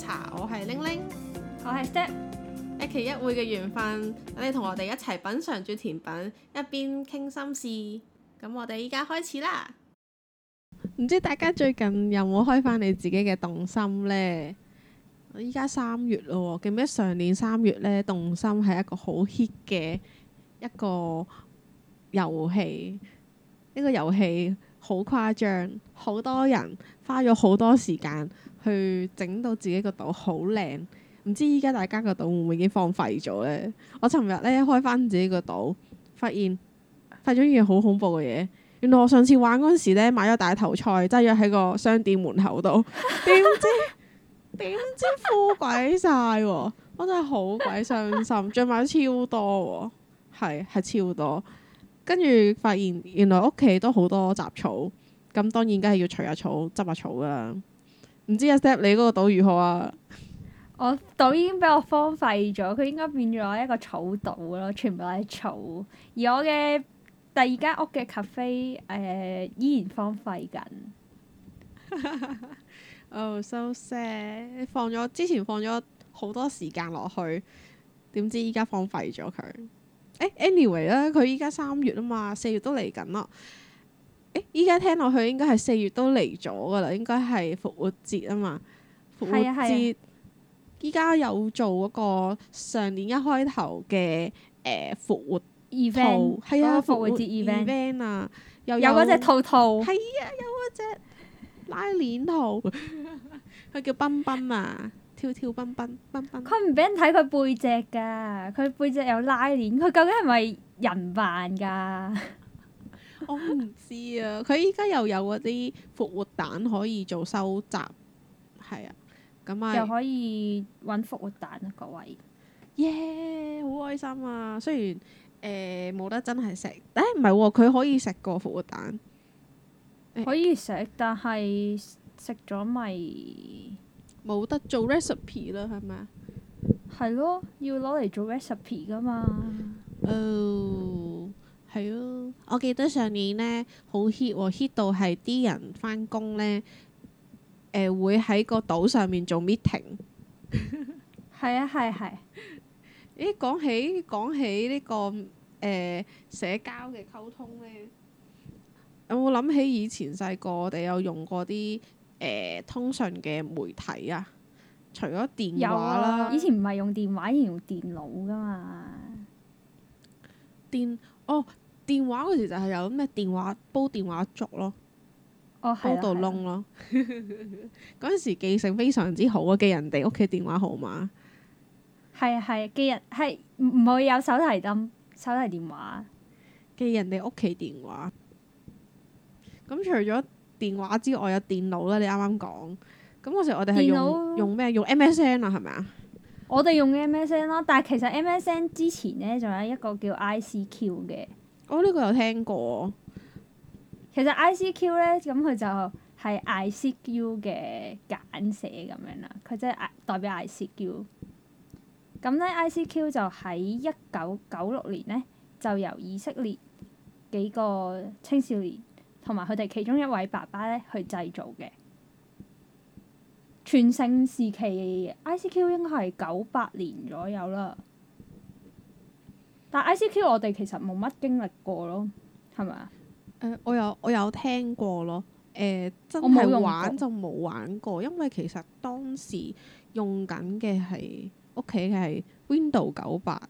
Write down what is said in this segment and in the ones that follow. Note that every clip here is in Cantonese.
茶，我係玲玲，我係 Step，一期一會嘅緣分，你同我哋一齊品嘗住甜品，一邊傾心事，咁我哋依家開始啦。唔知大家最近有冇開翻你自己嘅動心呢？我依家三月咯，記唔記得上年三月呢？動心係一個好 hit 嘅一個遊戲，呢個遊戲好誇張，好多人花咗好多時間。去整到自己個島好靚，唔知依家大家個島會唔會已經荒廢咗呢？我尋日咧開翻自己個島，發現發現咗件好恐怖嘅嘢。原來我上次玩嗰陣時咧買咗大頭菜，擠咗喺個商店門口度，點知點 知腐鬼晒喎！我真係好鬼傷心，仲買超多喎，啊，係係超多。跟住發現原來屋企都好多雜草，咁當然梗係要除下草、執下草啦。唔知阿 Step 你嗰個島如何啊？我島已經畀我荒廢咗，佢應該變咗一個草島咯，全部都係草。而我嘅第二間屋嘅 cafe 誒、呃、依然荒廢緊。 oh so sad！放咗之前放咗好多時間落去，點知依家荒廢咗佢。誒，anyway 啦，佢依家三月啊嘛，四月都嚟緊啦。誒，依家聽落去應該係四月都嚟咗噶啦，應該係復活節啊嘛，復活節。依家有做嗰個上年一開頭嘅誒復活 event，係啊復活節 event 啊，又有嗰隻兔兔，係啊有嗰隻拉鏈兔，佢叫彬彬啊，跳跳彬彬彬彬。佢唔俾人睇佢背脊㗎，佢背脊有拉鏈，佢究竟係咪人扮㗎？ 我唔知啊，佢依家又有嗰啲復活蛋可以做收集，係啊，咁啊又可以搵復活蛋啊，各位，耶，好開心啊！雖然誒冇、呃、得真係食、哎啊，但係唔係，佢可以食個復活蛋，可以食，但係食咗咪冇得做 recipe 啦，係咪啊？係咯，要攞嚟做 recipe 噶嘛。Oh. 嗯係咯，我記得上年咧好 hit 喎，hit 到係啲人返工咧，誒會喺個島上面做 meeting。係啊，係係。咦，講起講起呢個誒社交嘅溝通咧，有冇諗起以前細個我哋有用過啲誒通訊嘅媒體啊？除咗電話啦，以前唔係用電話，而係用電腦㗎嘛。電，哦。電話嗰時就係有咩嘅電話煲電話粥咯，哦、煲到燶咯。嗰陣 時記性非常之好啊，記人哋屋企電話號碼係係記人係唔會有手提燈、手提電話記人哋屋企電話。咁除咗電話之外，有電腦啦。你啱啱講咁嗰時我，電腦?我哋係用用咩用 M S N 啊？係咪啊？我哋用 M S N 啦，但係其實 M S N 之前咧仲有一個叫 I C Q 嘅。我呢、哦呢個有聽過，其實 ICQ 咧咁佢就係 ICQ 嘅簡寫咁樣啦，佢即係代表 ICQ。咁咧 ICQ 就喺一九九六年咧，就由以色列幾個青少年同埋佢哋其中一位爸爸咧去製造嘅。全盛時期 ICQ 應該係九八年左右啦。但 I C Q 我哋其實冇乜經歷過咯，係咪啊？誒、呃，我有我有聽過咯，誒、呃、真係玩就冇玩過，因為其實當時用緊嘅係屋企係 Windows 九八，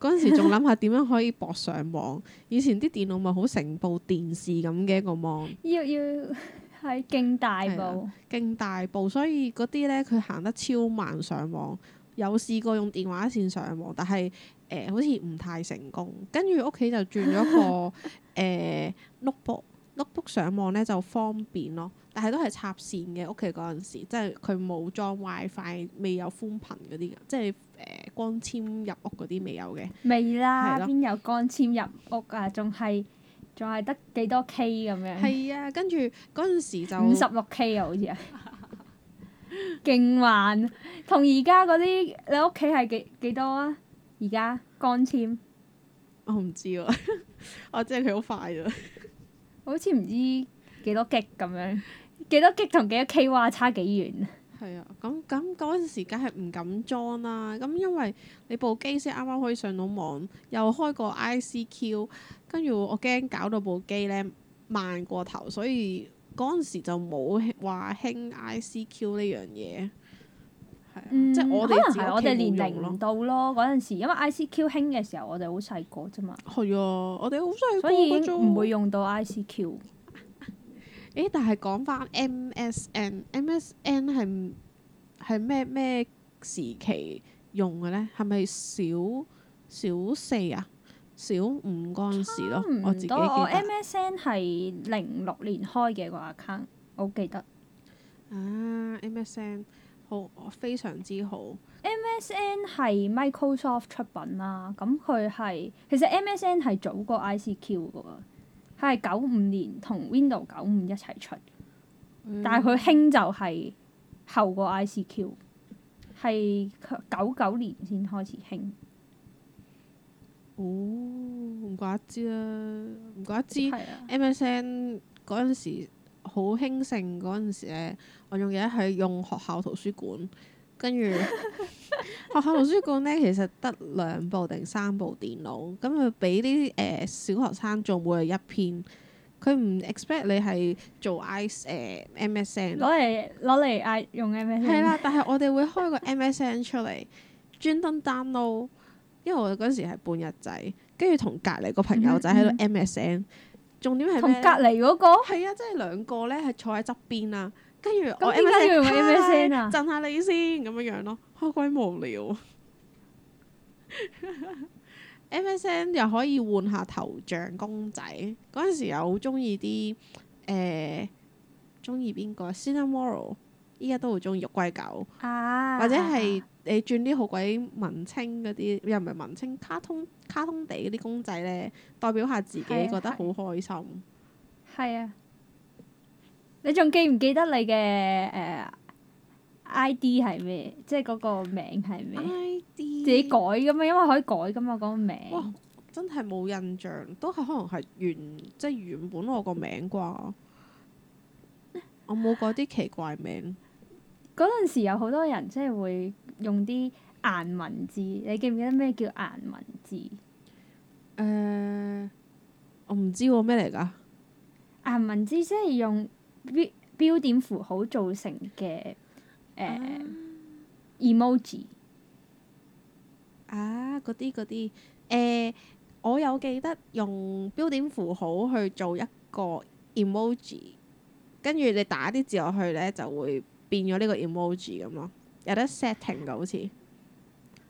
嗰陣時仲諗下點樣可以駁上網。 以前啲電腦咪好成部電視咁嘅、那個 mon 要要係勁大部，勁、啊、大部，所以嗰啲咧佢行得超慢上網。有試過用電話線上網，但係，誒、呃、好似唔太成功，跟住屋企就轉咗個誒、 呃、notebook notebook 上網咧就方便咯，但係都係插線嘅。屋企嗰陣時即係佢冇裝 WiFi，未有寬頻嗰啲嘅，即係誒、呃、光纖入屋嗰啲未有嘅。未啦，邊咯有光纖入屋啊？仲係仲係得幾多 K 咁樣？係啊，跟住嗰陣時就五十六 K 啊，好似係勁慢。同而家嗰啲你屋企係幾幾多啊？而家光纖，我唔知喎， 我知佢好快㗎，好似唔知幾多 G 咁樣， 幾多 G 同幾多 K Y 差幾遠？ 係啊，咁咁嗰陣時梗係唔敢裝啦，咁因為你部機先啱啱可以上到網，又開個 ICQ，跟住我驚搞到部機咧慢過頭，所以嗰陣時就冇話興 ICQ 呢樣嘢。嗯，即我可能係我哋年齡唔到咯，嗰陣時因為 ICQ 興嘅時候，我哋好細個啫嘛。係啊，我哋好細個，所以唔會用到 ICQ。誒、欸，但係講翻 MSN，MSN 係係咩咩時期用嘅咧？係咪小小四啊，小五嗰陣時咯？我自己記得 MSN 係零六年開嘅個 account，我記得。啊，MSN。MS 好，非常之好。MSN 係 Microsoft 出品啦、啊，咁佢係其實 MSN 係早過 ICQ 嘅，佢係九五年同 Windows 九五一齊出，嗯、但係佢興就係後過 ICQ，係九九年先開始興。哦，唔怪得知、啊、啦，唔怪得知。MSN 嗰陣時，好興盛嗰陣時咧，我仲記得係用學校圖書館，跟住 學校圖書館咧，其實得兩部定三部電腦，咁佢俾啲誒小學生做每日一篇，佢唔 expect 你係做 I 誒 MSN，攞嚟攞嚟 I 用 MSN，係 啦，但係我哋會開個 MSN 出嚟，專登 download，因為我哋嗰陣時係半日仔，跟住同隔離個朋友仔喺度 MSN。嗯。重點係同隔籬嗰、嗰個係啊，即係兩個咧係坐喺側邊啊，跟住我、MS、M S N 先啊，震下你先咁樣樣咯，開、哦、鬼無聊。M S, S, n 又可以換下頭像公仔，嗰陣時又好中意啲誒，中意邊個？Cinnamoroll，依家都好中意玉桂狗啊，或者係。你轉啲好鬼文青嗰啲，又唔係文青，卡通卡通地嗰啲公仔咧，代表下自己，覺得好開心。係啊！你仲記唔記得你嘅誒 ID 係咩？即係嗰個名係咩？ID？自己改噶嘛，因為可以改噶嘛，嗰個名。哇！真係冇印象，都係可能係原即係原本我個名啩。我冇改啲奇怪名。嗰陣時有好多人即係會用啲顏文字，你記唔記得咩叫顏文字？誒、呃，我唔知咩嚟㗎。顏文字即係用標標點符號做成嘅誒 emoji。呃、啊，嗰啲嗰啲誒，我有記得用標點符號去做一個 emoji，跟住你打啲字落去咧就會。變咗呢個 emoji 咁咯，有得 setting 㗎，好似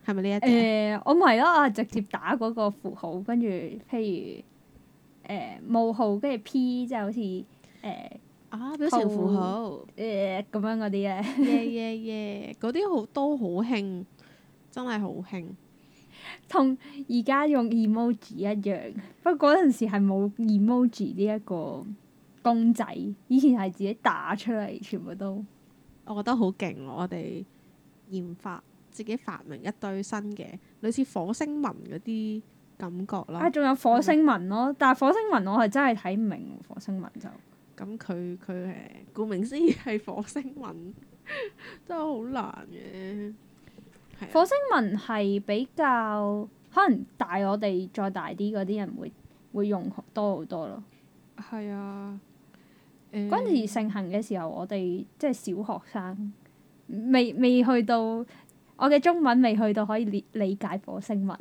係咪呢一？誒、這個欸，我唔係啦，我直接打嗰個符號，跟住譬如誒冒、呃、號，跟住 P，即係好似誒、呃、啊表情符號誒咁、呃、樣嗰啲咧。耶耶耶！嗰啲好都好興，真係好興，同而家用 emoji 一樣。不過嗰陣時係冇 emoji 呢一個公仔，以前係自己打出嚟，全部都。我覺得好勁喎！我哋研發自己發明一堆新嘅類似火星文嗰啲感覺啦。啊、哎，仲有火星文咯！嗯、但係火星文我係真係睇唔明，火星文就咁佢佢誒，顧名思義係火星文， 真係好難嘅。火星文係比較可能大我哋再大啲嗰啲人會會用多好多咯。係啊、嗯。嗰陣、嗯、時盛行嘅時候，我哋即係小學生，未未去到，我嘅中文未去到可以理理解火星文。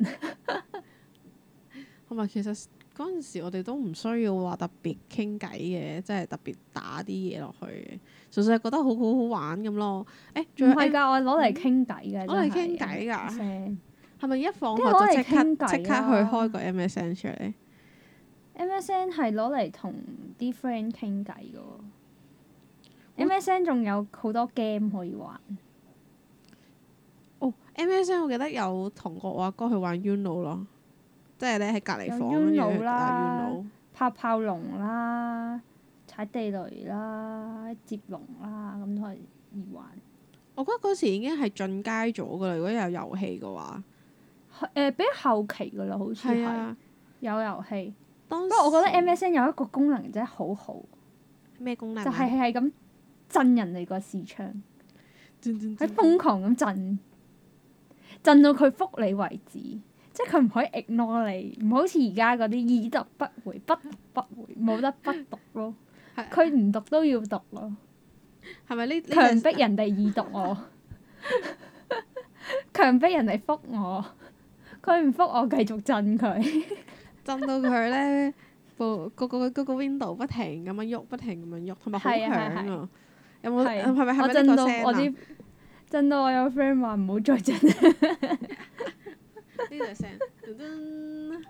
同 埋其實嗰陣時，我哋都唔需要話特別傾偈嘅，即係特別打啲嘢落去嘅，純粹係覺得好好好玩咁咯。誒、欸，唔係㗎，我攞嚟傾偈嘅，攞嚟傾偈㗎。係咪實一放學即刻即、啊、刻去開個 MSN 出嚟？MSN 係攞嚟同。啲 friend 傾偈嘅，M S N 仲有好多 game 可以玩。哦，M S N 我記得有同過我阿哥去玩 Uno 咯，即係咧喺隔離房有 Uno 啦，泡泡龍啦，踩地雷啦，接龍啦，咁都係易玩。我覺得嗰時已經係進階咗嘅啦，如果有遊戲嘅話。誒、呃，比較後期嘅啦，好似係、啊、有遊戲。不過當我覺得 MSN 有一個功能真係好好，咩功能？就係係咁震人哋個視窗，喺轉瘋狂咁震，震到佢覆你為止，即係佢唔可以 ignore 你，唔好似而家嗰啲已讀不回、不讀不回，冇得不讀咯，佢唔 讀都要讀咯，係咪呢？強逼人哋已讀我， 強逼人哋覆我，佢唔覆我繼續震佢。震到佢咧，部個個個個 window 不停咁樣喐，不停咁樣喐，同埋好響啊！有冇係咪係咪震到？我啊？震到我有 friend 話唔好再震。呢個聲。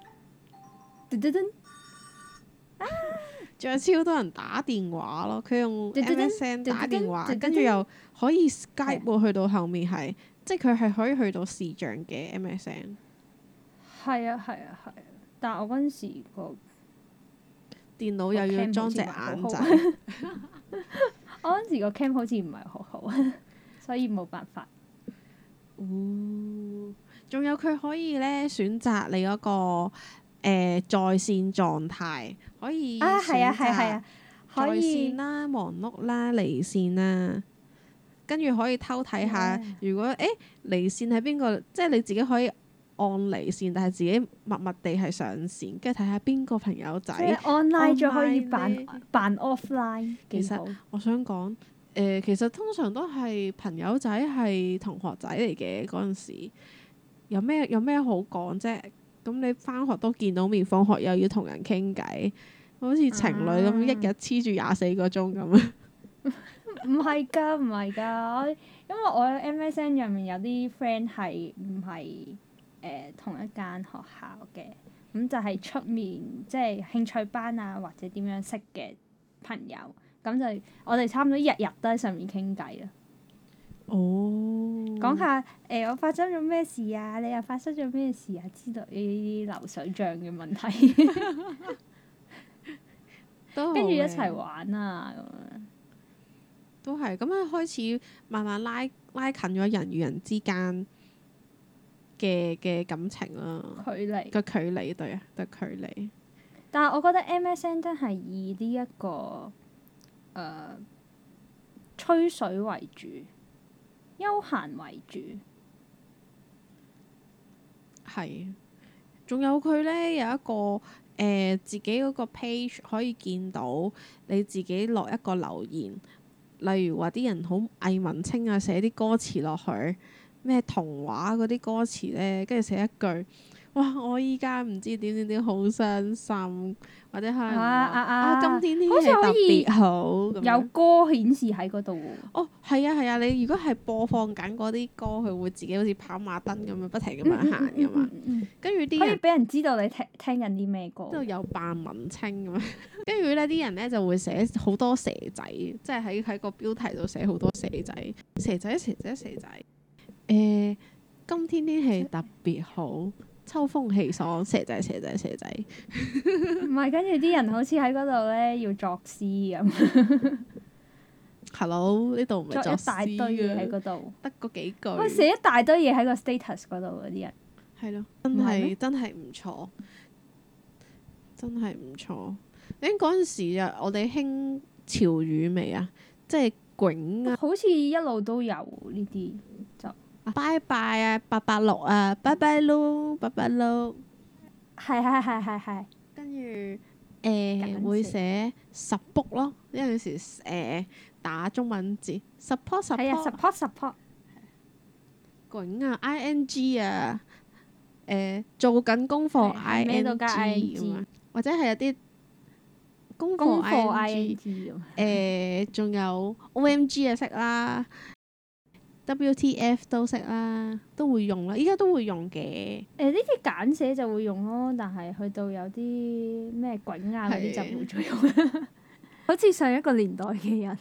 仲有超多人打電話咯，佢用 MSN 打電話，跟住又可以 skype 喎。去到後面係，即係佢係可以去到視像嘅 MSN。係啊！係啊！係。但我嗰陣時個電腦又要裝隻眼仔，我嗰陣時個 cam 好似唔係好好，好好 所以冇辦法。哦，仲有佢可以咧選擇你嗰、那個誒、呃、在線狀態，可以啊，係啊，係啊，係啊，喺線可以啦，忙碌啦，離線啦，跟住可以偷睇下，啊、如果誒離、欸、線係邊個，即係你自己可以。按離線，但係自己默默地係上線，跟住睇下邊個朋友仔。即 online，仲可以扮扮 offline。其實我想講，誒、呃，其實通常都係朋友仔係同學仔嚟嘅嗰陣時，有咩有咩好講啫？咁你翻學都見到面，放學又要同人傾偈，好似情侶咁一日黐住廿四個鐘咁啊！唔係㗎，唔係㗎， 因為我 MSN 入面有啲 friend 係唔係，誒、呃、同一間學校嘅，咁、嗯、就係、是、出面即係、就是、興趣班啊，或者點樣識嘅朋友，咁就我哋差唔多日日都喺上面傾偈啦。哦。講下誒、呃，我發生咗咩事啊？你又發生咗咩事啊？知道呢啲流水帳嘅問題。 都好美。跟住一齊玩啊！咁樣。都係咁啊！樣開始慢慢拉拉近咗人與人之間。嘅嘅感情啦，距離個距離對啊，對距離。但係我覺得 MSN 真係以呢、這、一個誒、呃、吹水為主，休閒為主。係，仲有佢咧有一個誒、呃、自己嗰個 page 可以見到你自己落一個留言，例如話啲人好偽文青啊，寫啲歌詞落去。咩童話嗰啲歌詞咧，跟住寫一句，哇！我依家唔知點點點，好傷心，或者係啊啊啊！今天天氣特別好，有歌顯示喺嗰度喎。哦，係啊係啊！你如果係播放緊嗰啲歌，佢會自己好似跑馬燈咁樣不停咁樣行噶嘛。跟住啲人，可以俾人知道你聽聽緊啲咩歌。都有扮文青咁樣。跟住咧，啲人咧就會寫好多蛇仔，即係喺喺個標題度寫好多蛇仔，蛇仔蛇仔蛇仔。蛇仔蛇仔誒、欸，今天天氣特別好，秋風氣爽，蛇仔蛇仔蛇仔，唔係，跟住啲人好似喺嗰度咧要作詩咁。 Hello，呢度唔係作詩，作一大堆嘢喺嗰度，得嗰幾句。哇、欸，寫一大堆嘢喺個 status 嗰度嗰啲人，係咯，真係真係唔錯，真係唔錯。誒，嗰陣時啊，我哋興潮語未啊？即係囧啊，好似一路都有呢啲就。拜拜啊，八八六啊，拜拜咯，拜拜咯，係係係係係，跟住誒，持會寫 support 咯，呢陣時，誒、呃，打中文字 support support support，捲啊、嗯、ing 啊，誒、呃，做緊功課的，ing，或者係有啲功課，課，i ing,、呃、g 誒仲有 omg 啊識啦。WTF 都識啦，都會用啦，依家都會用嘅。誒呢啲簡寫就會用咯，但係去到有啲咩鬼啊嗰啲是就冇再用啦。 好似上一個年代嘅人，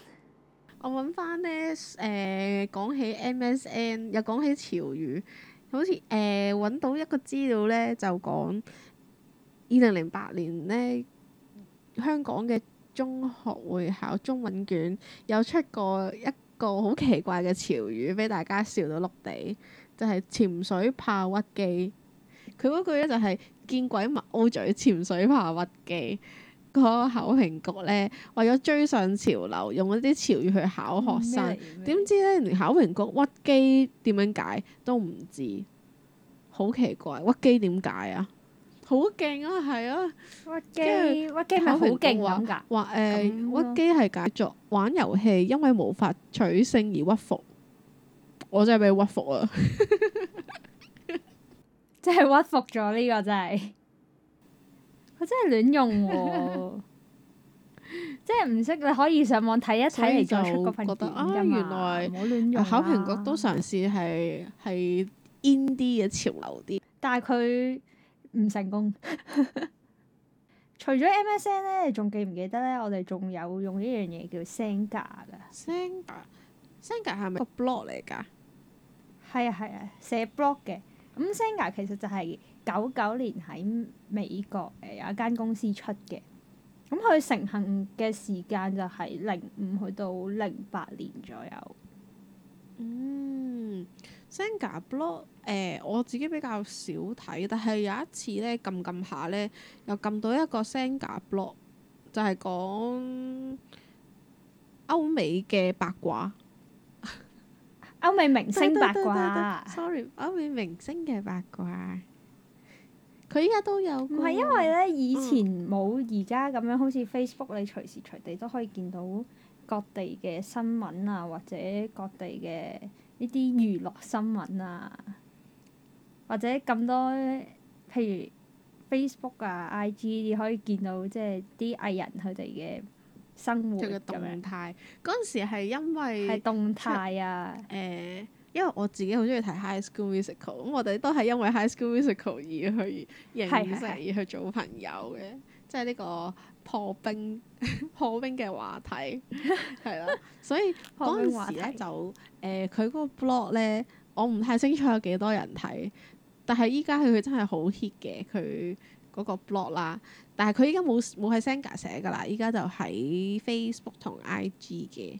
我揾翻咧，誒講起 MSN，又講起潮語，好似誒揾到一個資料咧，就講二零零八年咧，香港嘅中學會考中文卷有出過一個好奇怪嘅潮語俾大家笑到碌地，就係、是、潛水怕屈機。佢嗰句咧就係、是、見鬼勿 O 嘴潛水怕屈機。嗰、那個考評局咧為咗追上潮流，用嗰啲潮語去考學生，點知咧連考評局屈機點樣解都唔知，好奇怪，屈機點解啊？好勁啊，係啊，屈機屈機咪好勁㗎！話誒後，屈機係解作玩遊戲，因為無法取勝而屈服。我真係俾屈服， 屈服、這個、 啊！真係屈服咗呢個真係，佢真係亂用喎！即係唔識，你可以上網睇一睇嚟再出個評價。唔好亂用。考評局都嘗試係係 in 啲嘅潮流啲，但係佢。唔不成功 除，除咗 MSN 咧，仲記唔記得咧？我哋仲有用呢樣嘢叫 Senga 噶 Senga Senga 係咪個 blog 嚟噶？係啊係啊，寫、啊、blog 嘅咁 Senga 其實就係九九年喺美國誒有一間公司出嘅，咁佢成行嘅時間就係零五去到零八年左右。嗯。Senga blog，誒我自己比較少睇，但係有一次咧撳撳下咧，又撳到一個 Senga blog，就係、是、講歐美嘅八卦， 歐美明星八卦 對對對對對對。Sorry，歐美明星嘅八卦。佢依家都有。唔係因為咧，嗯、以前冇而家咁樣，好似 Facebook，你隨時隨地都可以見到各地嘅新聞啊，或者各地嘅。呢啲娛樂新聞啊，或者咁多，譬如 Facebook 啊、IG，你可以見到即係啲藝人佢哋嘅生活咁樣。嗰陣時係因為係動態啊，呃，因為我自己好中意睇《High School Musical》，咁我哋都係因為《High School Musical》而去認識而去做朋友嘅，即係呢個。 破冰破冰嘅話題，係啦，所以嗰陣 時咧就誒佢、呃、嗰個 blog 咧，我唔太清楚有幾多人睇，但係依家佢佢真係好 hit 嘅佢嗰個 blog 啦，但係佢依家冇冇喺 Xanga 寫噶啦，依家就喺 Facebook 同 IG 嘅。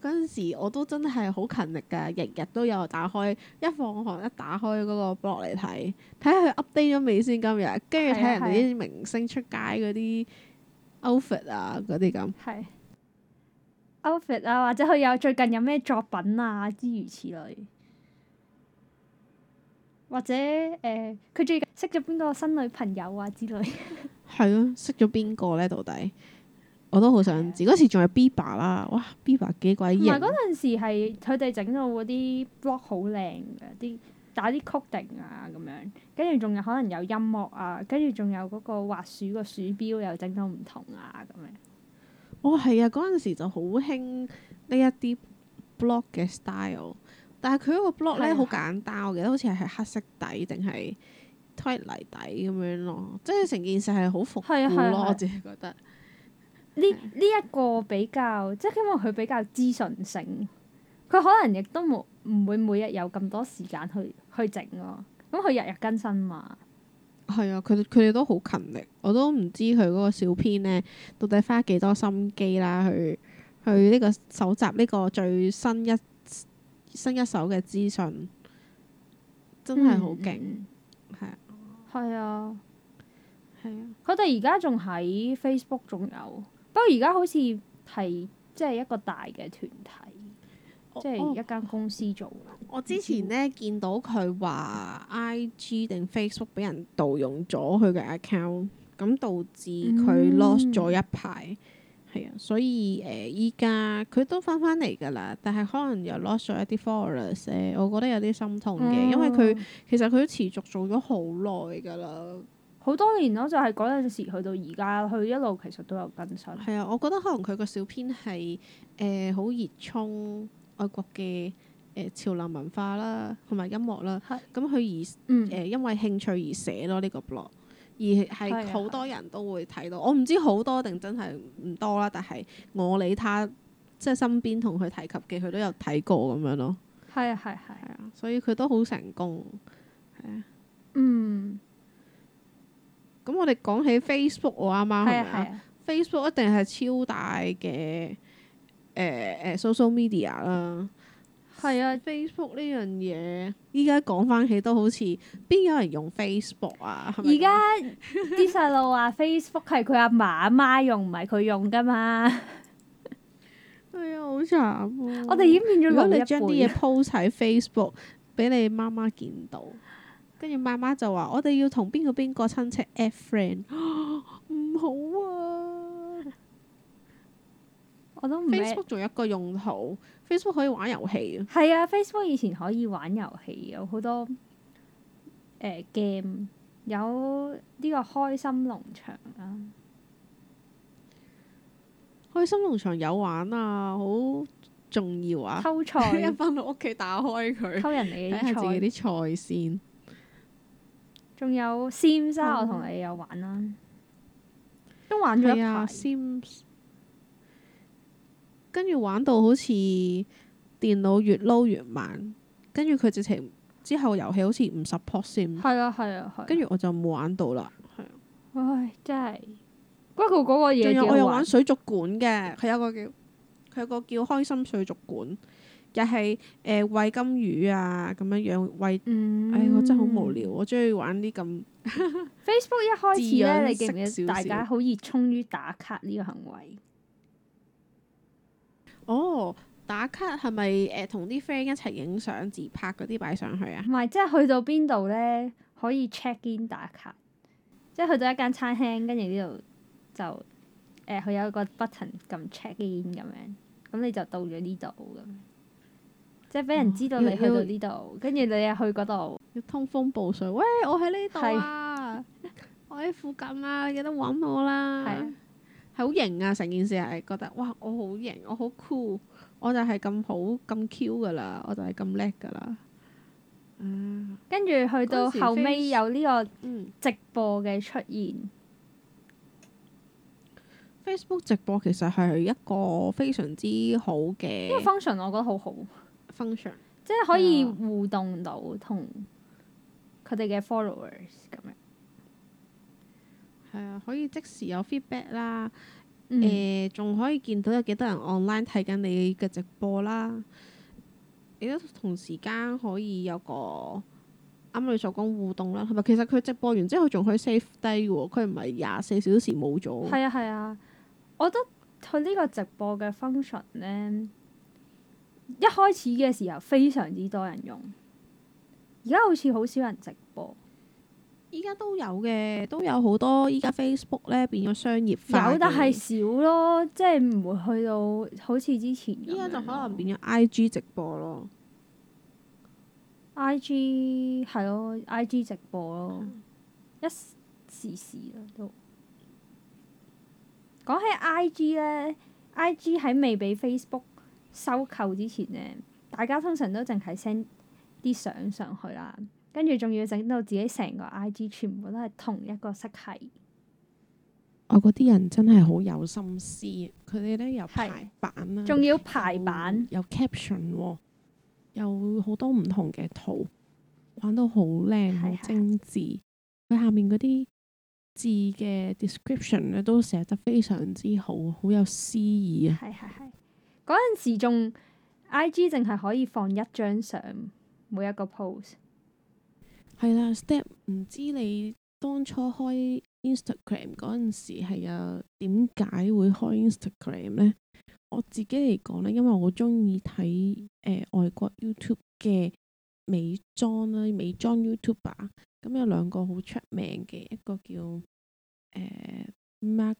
嗰陣時我都真係好勤力㗎，日日都有打開一放學一打開嗰個 blog 嚟睇，睇下佢 update 咗未先今日，跟住睇人哋啲明星出街嗰啲 outfit 啊嗰啲咁，outfit 啊，啊，樣啊，out 啊或者佢有最近有咩作品啊之如此類，或者誒佢、呃、最近識咗邊個新女朋友啊之類，係 咯、啊，識咗邊個咧？到底？我都好想知嗰的時仲有 BBA 啦，哇 BBA 幾鬼型！同埋嗰陣時係佢哋整到嗰啲 blog 好靚嘅，啲打啲 coding 啊咁樣，跟住仲有可能有音樂啊，跟住仲有嗰個滑鼠個鼠標又整到唔同啊咁樣。哦，係啊！嗰陣時就好興呢一啲 blog 嘅 style，但係佢嗰個 blog 咧好的簡單，我記得好似係黑色底定係 Twitter 底咁樣咯，即係成件事係好復古咯，我只係覺得。呢呢一個比較，即係因為佢比較資訊性，佢可能亦都冇唔會每日有咁多時間去去整咯、啊。咁佢日日更新嘛？係啊，佢佢哋都好勤力，我都唔知佢嗰個小編咧，到底花幾多心機啦，去去呢、這個搜集呢個最新一新一手嘅資訊，真係好勁。係、嗯、啊，係啊，係啊，佢哋而家仲喺 Facebook，仲有。不過而家好似係即係一個大嘅團體，哦、即係一間公司做。我之前咧見到佢話 IG 定 Facebook 俾人盜用咗佢嘅 account，咁導致佢 lost 咗一排。係啊、嗯，所以誒依家佢都翻返嚟㗎啦，但係可能又 lost 咗一啲 followers。誒，我覺得有啲心痛嘅，哦、因為佢其實佢都持續做咗好耐㗎啦。好多年咯，就係嗰陣時去到而家，佢一路其實都有更新。係啊，我覺得可能佢個小編係誒好熱衷外國嘅誒、呃、潮流文化啦，同埋音樂啦。咁佢是而誒、嗯呃、因為興趣而寫咗呢個 blog，而係好多人都會睇到。我唔知好多定真係唔多啦，但係我理他，即係身邊同佢提及嘅，佢都有睇過咁樣咯。係啊，係係。係啊的，所以佢都好成功。係啊的。嗯。咁我哋講起 Facebook，我阿媽係咪啊？Facebook 一定係超大嘅誒誒 social media 啦。係啊，Facebook 呢樣嘢依家講翻起都好似邊有人用 Facebook 啊？而家啲細路話 Facebook 係佢阿媽阿媽用，唔係佢用噶嘛？係、 哎、啊，好慘啊！我哋已經變咗如果你將啲嘢 post 晒喺 Facebook，俾、啊、你媽媽見到。跟住媽媽就話：我哋要同邊個邊個親戚 add friend，唔、啊、好啊！ 我都 Facebook 仲有一個用途 ，Facebook 可以玩遊戲啊。係啊，Facebook 以前可以玩遊戲，有好多誒、呃、game，有呢個開心農場啊！開心農場有玩啊，好重要啊！偷菜 一翻到屋企打開佢，偷人哋啲菜，自己啲菜先。仲有 Sims，oh，我同你有玩啦，都玩咗一排、啊、Sims，跟住玩到好似電腦越撈越慢，跟住佢直情之後遊戲好似唔 support Sims。係啊係啊係。跟住我就冇玩到啦。啊、唉，真係。不過嗰個嘢仲有，我有玩水族館嘅，佢有個叫佢有個叫開心水族館。又係誒餵金魚啊，咁樣樣喂。唉、嗯哎，我真係好無聊。我中意玩啲咁 Facebook 一開始咧，點點，你記唔記得大家好熱衷於打卡呢個行為？哦，打卡係咪誒同啲 friend 一齊影相自拍嗰啲擺上去啊？唔係，即係去到邊度咧，可以 check in 打卡，即係去到一間餐廳，跟住呢度就誒佢、呃、有一個 button 撳 check in 咁樣，咁你就到咗呢度咁。即係俾人知道你去到呢度，跟住你又去嗰度。要通風報信，喂！我喺呢度啊， 我喺附近啊，記得揾我啦。係是、啊，係好型啊！成件事係覺得，哇！我好型，我好 cool，我就係咁好咁 cute 噶啦，我就係咁叻噶啦。嗯、跟住去到時後尾有呢個直播嘅出現。嗯、Facebook 直播其實係一個非常之好嘅。因為 function 我覺得好好。function 即係可以互動到同佢哋嘅、嗯、followers 咁樣，係啊，可以即時有 feedback 啦，誒、嗯，仲、欸、可以見到有幾多人 online 睇緊你嘅直播啦，亦都同時間可以有個啱你所講互動啦，同埋其實佢直播完之後仲可以 save 低嘅喎，佢唔係廿四小時冇咗，係啊係啊，我覺得佢呢個直播嘅 function 咧。一開始嘅時候非常之多人用，而家好似好少人直播。依家都有嘅，都有好多。依家 Facebook 咧變咗商業化。有，但係少咯，即係唔會去到好似之前咁。依家就可能變咗 IG 直播咯。IG 係咯，IG 直播咯，嗯、一時時啦都。講起 IG 咧，IG 喺未俾 Facebook 收購之前呢，大家通常都淨係 send 啲相上去啦，跟住仲要整到自己成個 IG 全部都係同一個色系。我嗰啲人真係好有心思，佢哋咧有排版啦，仲要排版，有 caption，有好多唔同嘅圖，玩到好靚、好精緻。佢下面嗰啲字嘅 description 咧都寫得非常之好，好有詩意啊！係係係。嗰陣時仲 IG 淨係可以放一張相，每一個 post，係啦。Step 唔知你當初開 Instagram 嗰陣時係啊點解會開 Instagram 呢？我自己嚟講呢，因為我中意睇誒外國 YouTube 嘅美妝啦，美妝 YouTuber。咁有兩個好出名嘅，一個叫、呃、Mac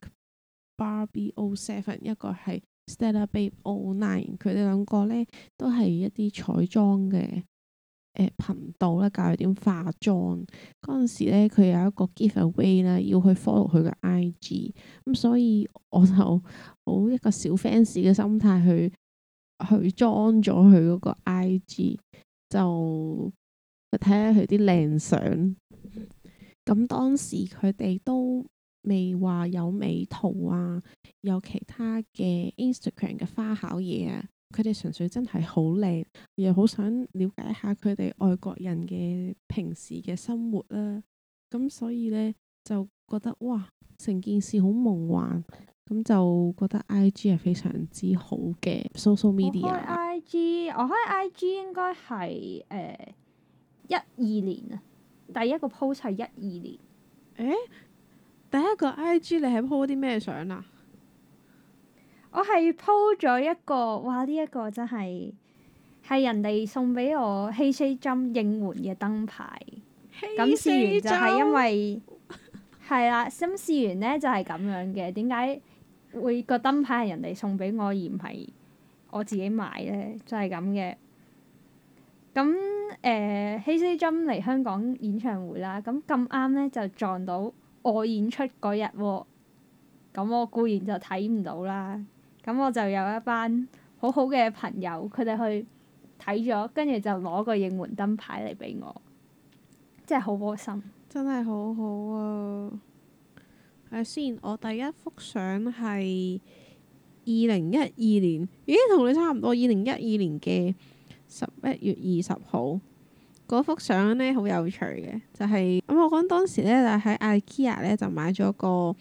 Barbie O Seven，一個係。Stella Babe All Nine，佢哋兩個呢都係一啲彩妝嘅誒頻道啦，教佢點化妝。嗰陣時呢，佢有一個 give away 啦，要去 follow 佢嘅 IG，咁所以我就好一個小 fans 嘅心態去去裝咗佢嗰個 IG，就睇下佢啲靚相。咁當時佢哋都～未話有美圖啊，有其他嘅 Instagram 嘅花巧嘢啊，佢哋純粹真係好靚，又好想了解一下佢哋外國人嘅平時嘅生活啦、啊。咁所以呢，就覺得哇，成件事好夢幻。咁就覺得 IG 係非常之好嘅 social media。開 IG，我開 IG 應該係誒一二年啊，第一個 post 係一二年。誒、欸。第一個 IG 你係 po 啲咩相啊？我係 po 咗一個，哇！呢、這、一個真係係人哋送俾我。Hey，Say，Jump 應援嘅燈牌咁 Hey 試完就係因為係 啦。咁試完咧就係、是、咁樣嘅。點解會個燈牌係人哋送俾我而唔係我自己買咧？就係咁嘅。咁誒、呃、，Hey，Say，Jump 嚟香港演唱會啦。咁咁啱咧就撞到。我演出嗰日喎，咁我固然就睇唔到啦。咁我就有一班好好嘅朋友，佢哋去睇咗，跟住就攞個應援燈牌嚟俾我，真係好窩心。真係好好啊！睇下，先我第一幅相係二零一二年，咦，同你差唔多，二零一二年嘅十一月二十號。嗰幅相咧好有趣嘅，就係、是、咁、嗯、我講當時咧就喺 IKEA 咧就買咗個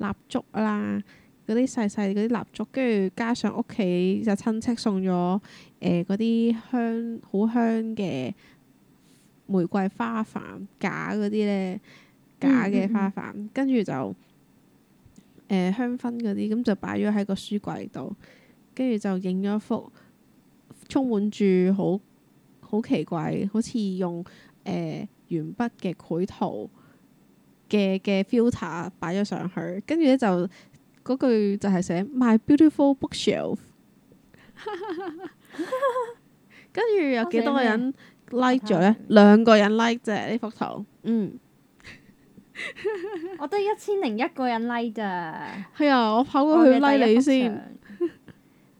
蠟燭啦，嗰啲細細嗰啲蠟燭，跟住加上屋企就親戚送咗誒嗰啲香好香嘅玫瑰花瓣，假嗰啲咧，假嘅花瓣，跟住、嗯嗯、就誒、呃、香薰嗰啲，咁就擺咗喺個書櫃度，跟住就影咗幅充滿住好～好奇怪，好似用誒鉛筆嘅繪圖嘅嘅 filter 擺咗上去，跟住咧就嗰句就係寫 My beautiful bookshelf。 跟住有幾多個人 like 咗咧？兩個人 like 啫，呢幅圖。嗯， 我得一千零一個人 like 啫。係啊，我跑過去 like 你先。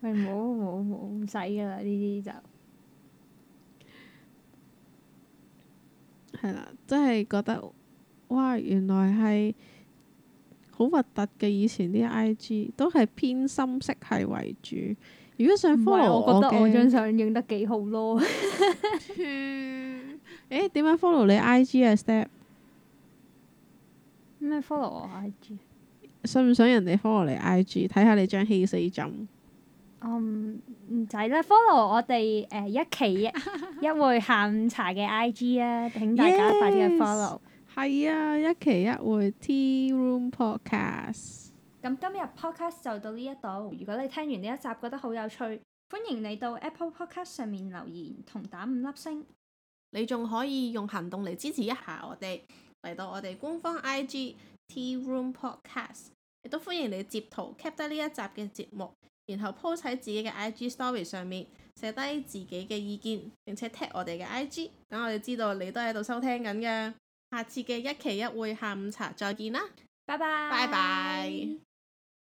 喂，冇冇冇，唔使噶啦，呢啲就。係啦，真係、就是、覺得哇，原來係好核突嘅。以前啲 I G 都係偏深色系為主。如果想 follow 我，我覺得我張相影得幾好咯。誒、 欸，點解 follow 你 I G 啊？Step 咩？follow 我 I G？想唔想人哋 follow 你 I G？睇下你張氣死陣？唔使啦，follow 我哋誒、呃、一期一 一會下午茶嘅 I G 啊，請大家快啲去 follow。係、yes，啊，一期一會 Tea Room Podcast。咁、嗯、今日 Podcast 就到呢一度，如果你聽完呢一集覺得好有趣，歡迎你到 Apple Podcast 上面留言同打五粒星。你仲可以用行動嚟支持一下我哋，嚟到我哋官方 I G Tea Room Podcast。亦都歡迎你截圖 k e p t 呢一集嘅節目。然後鋪喺自己嘅 I G Story 上面，寫低自己嘅意見，並且 tag 我哋嘅 I G，等我哋知道你都喺度收聽緊㗎。下次嘅一期一會下午茶再見啦，拜拜拜拜。